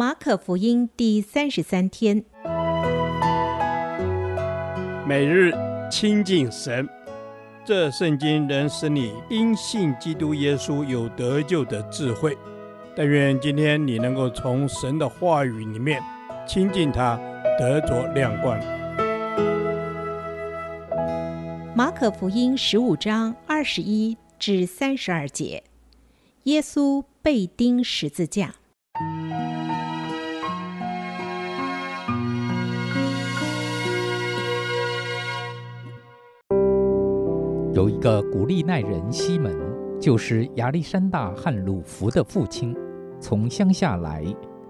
馬可福音第三十三天，每日親近神，這聖經能使你因信基督耶穌有得救的智慧。但願今天你能夠從神的話語裡面親近他，得着亮光。馬可福音十五章二十一至三十二節，耶穌被釘十字架。有一個古利奈人西門，就是亞歷山大和魯孚的父親，從鄉下來，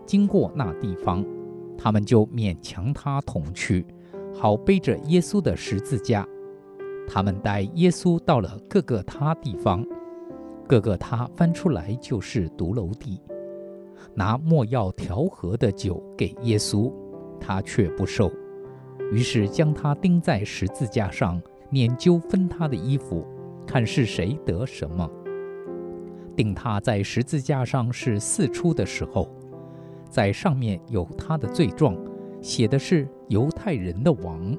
經過那地方，他們就勉強他同去，好背着耶穌的十字架。他們帶耶穌到了各各他地方，各各他翻出來就是髑髏地。拿沒藥調和的酒給耶穌，他卻不受，於是將他釘在十字架上。拈鬮分他的衣服，看是誰得什麼。釘他在十字架上是巳初的時候，在上面有他的罪狀，寫的是猶太人的王。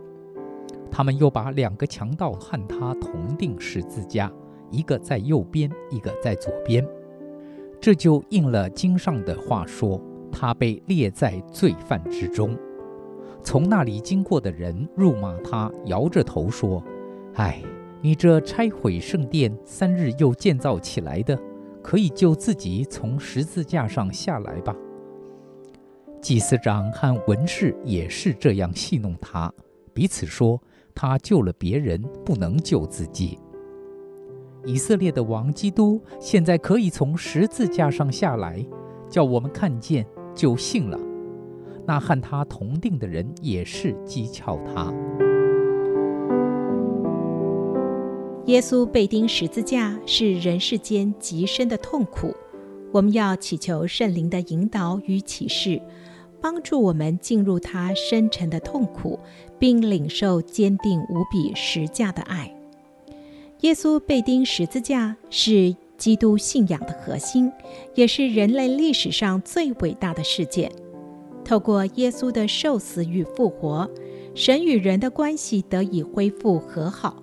他們又把兩個強盜和他同釘十字架，一個在右邊，一個在左邊。這就應了經上的話說，他被列在罪犯之中。從那裡經過的人辱罵他，搖着頭說。哎，你這拆毀聖殿三日又建造起來的，可以救自己從十字架上下來吧。祭司長和文士也是這樣戲弄他，彼此說，他救了別人，不能救自己。以色列的王基督現在可以從十字架上下來，叫我們看見就信了。那和他同釘的人也是譏誚他。耶穌被釘十字架是人世間極深的痛苦，我們要祈求聖靈的引導與啟示，幫助我們進入他深沉的痛苦，並領受堅定無比十架的愛。耶穌被釘十字架是基督信仰的核心，也是人類歷史上最偉大的事件。透過耶穌的受死與復活，神與人的關係得以恢復和好。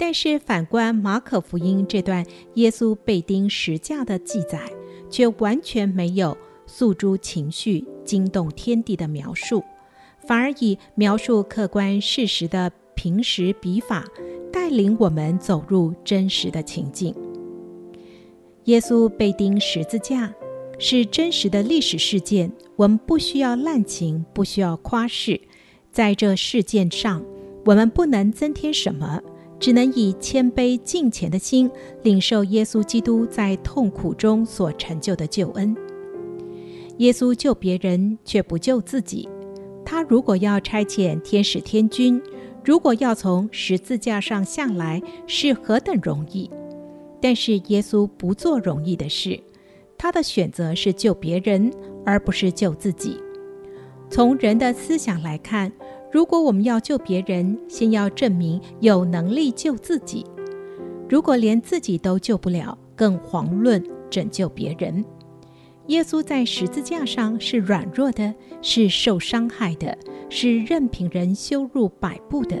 但是反觀《馬可福音》這段耶穌被釘十字架的記載，卻完全沒有訴諸情緒、驚動天地的描述，反而以描述客觀事實的平實筆法，帶領我們走入真實的情境。耶穌被釘十字架是真實的歷史事件，我們不需要濫情，不需要誇飾，在這事件上，我們不能增添什麼。只能以謙卑敬虔的心，領受耶穌基督在痛苦中所成就的救恩。耶穌救別人，卻不救自己。他如果要差遣天使天軍，如果要從十字架上下來，是何等容易！但是耶穌不做容易的事，他的選擇是救別人，而不是救自己。從人的思想來看，如果我們要救別人，先要證明有能力救自己。如果連自己都救不了，更遑論拯救別人。耶穌在十字架上是軟弱的，是受傷害的，是任憑人羞辱擺布的。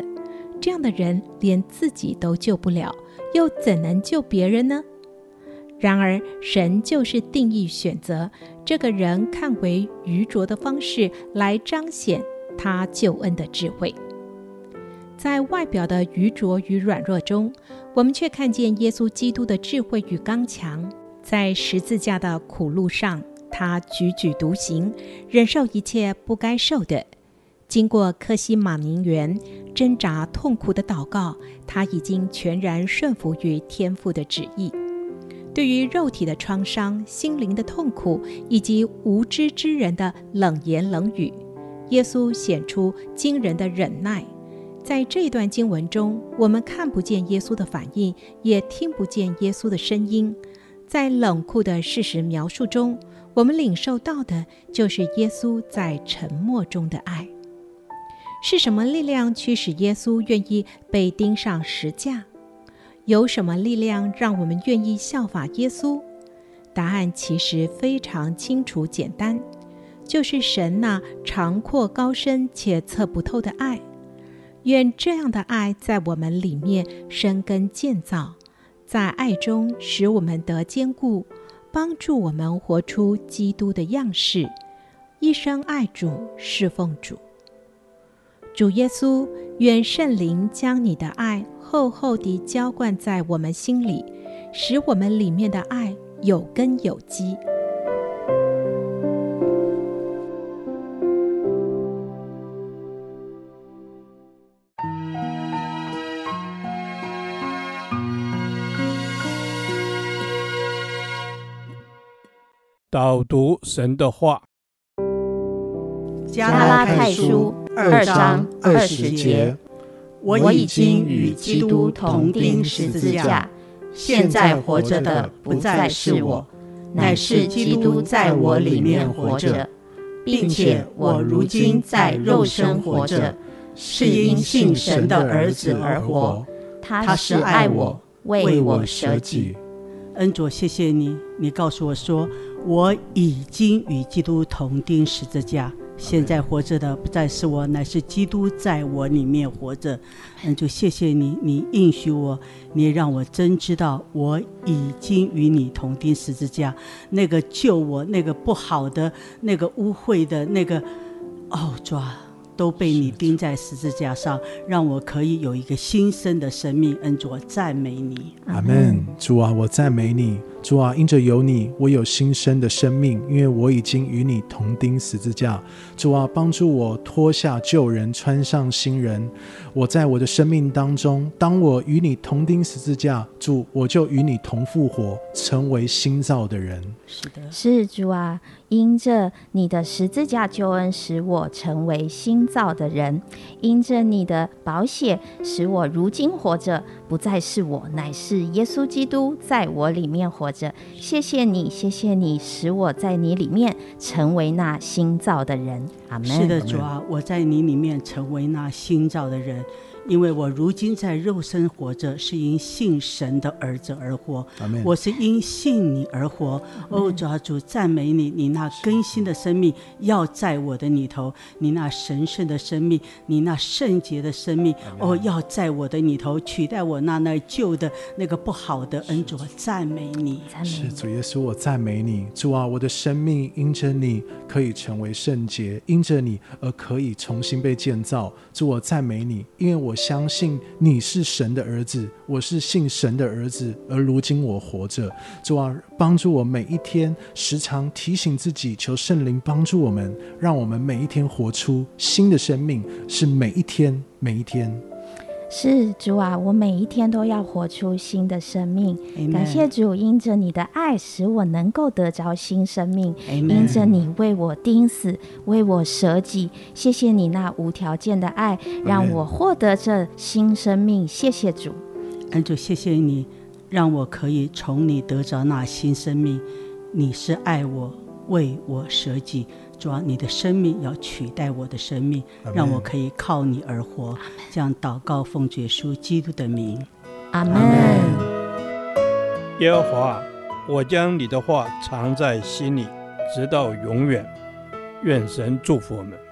這樣的人連自己都救不了，又怎能救別人呢？然而，神就是定意選擇這個人看為愚拙的方式來彰顯。他救恩的智慧。在外表的愚拙與軟弱中，我們卻看見耶穌基督的智慧與剛強。在十字架的苦路上，他踽踽獨行，忍受一切不該受的。經過客西馬尼園掙扎痛苦的禱告，他已經全然順服於天父的旨意。對於肉體的創傷、心靈的痛苦以及無知之人的冷言冷語。耶穌顯出驚人的忍耐，在這段經文中，我們看不見耶穌的反應，也聽不見耶穌的聲音。在冷酷的事實描述中，我們領受到的就是耶穌在沉默中的愛。是什麼力量驅使耶穌願意被釘上十架？有什麼力量讓我們願意效法耶穌？答案其實非常清楚、簡單。就是神那長闊高深且測不透的愛，願這樣的愛在我們裡面生根建造，在愛中使我們得堅固，幫助我們活出基督的樣式，一生愛主，侍奉主。主耶穌，願聖靈將你的愛厚厚地澆灌在我們心裡，使我們裡面的愛有根有基。導讀神的話，《加拉太書》二章二十節：“我已經與基督同釘十字架，現在活着的不再是我，乃是基督在我裡面活着，並且我如今在肉身活着，是因信神的兒子而活。他是愛我，為我捨己。恩佐，謝謝你，你告訴我說。我已經與基督同釘十字架，現在活着的不再是我，乃是基督在我裡面活着。那、嗯、就謝謝你，你應許我，你也讓我真知道，我已經與你同釘十字架。那個救我、那個不好的、那個污穢的、那個惡爪、哦啊、都被你釘在十字架上，讓我可以有一個新生的生命。恩主，我讚美你。阿、嗯、門。Amen，主啊，我讚美你。主啊，因着有你，我有新生的生命，因為我已經與你同釘十字架。主啊，幫助我脫下舊人，穿上新人。我在我的生命當中，當我與你同釘十字架，主，我就與你同復活，成為新造的人。是的，是主啊，因着你的十字架救恩，使我成為新造的人；因着你的寶血，使我如今活着。不再是我，乃是耶穌基督在我裡面活着。謝謝你，謝謝你，使我在你裡面成為那新造的人。阿門。是的，主啊，我在你裡面成為那新造的人。因為我如今在肉身活着，是因信神的兒子而活；Amen. 我是因信你而活。哦、oh,，主啊，主，讚美你！你那更新的生命要在我的裡頭；你那神聖的生命，你那聖潔的生命，哦，Amen. oh, 要在我的裡頭取代我那那舊的、那個不好的恩是主。讚美你，是主耶穌，我讚美你，主啊，我的生命因着你可以成為聖潔，因着你而可以重新被建造。主，我讚美你，因為我。我相信你是神的兒子，我是信神的兒子，而如今我活着，主啊，幫助我每一天，時常提醒自己，求聖靈幫助我們，讓我們每一天活出新的生命，是每一天，每一天。是主啊，我每一天都要活出新的生命。Amen 感謝主，因着你的愛，使我能夠得着新生命。Amen 因着你為我釘死，為我舍己，謝謝你那無條件的愛，讓我獲得這新生命。Amen 謝謝主，恩主，謝謝你讓我可以從你得着那新生命。你是愛我，為我舍己。主啊，你的生命要取代我的生命，們讓我可以靠你而活。這樣們禱告奉主耶穌基督的名，阿門們。阿們耶和華，我將你的話藏在心裡，直到永遠。願神祝福我們。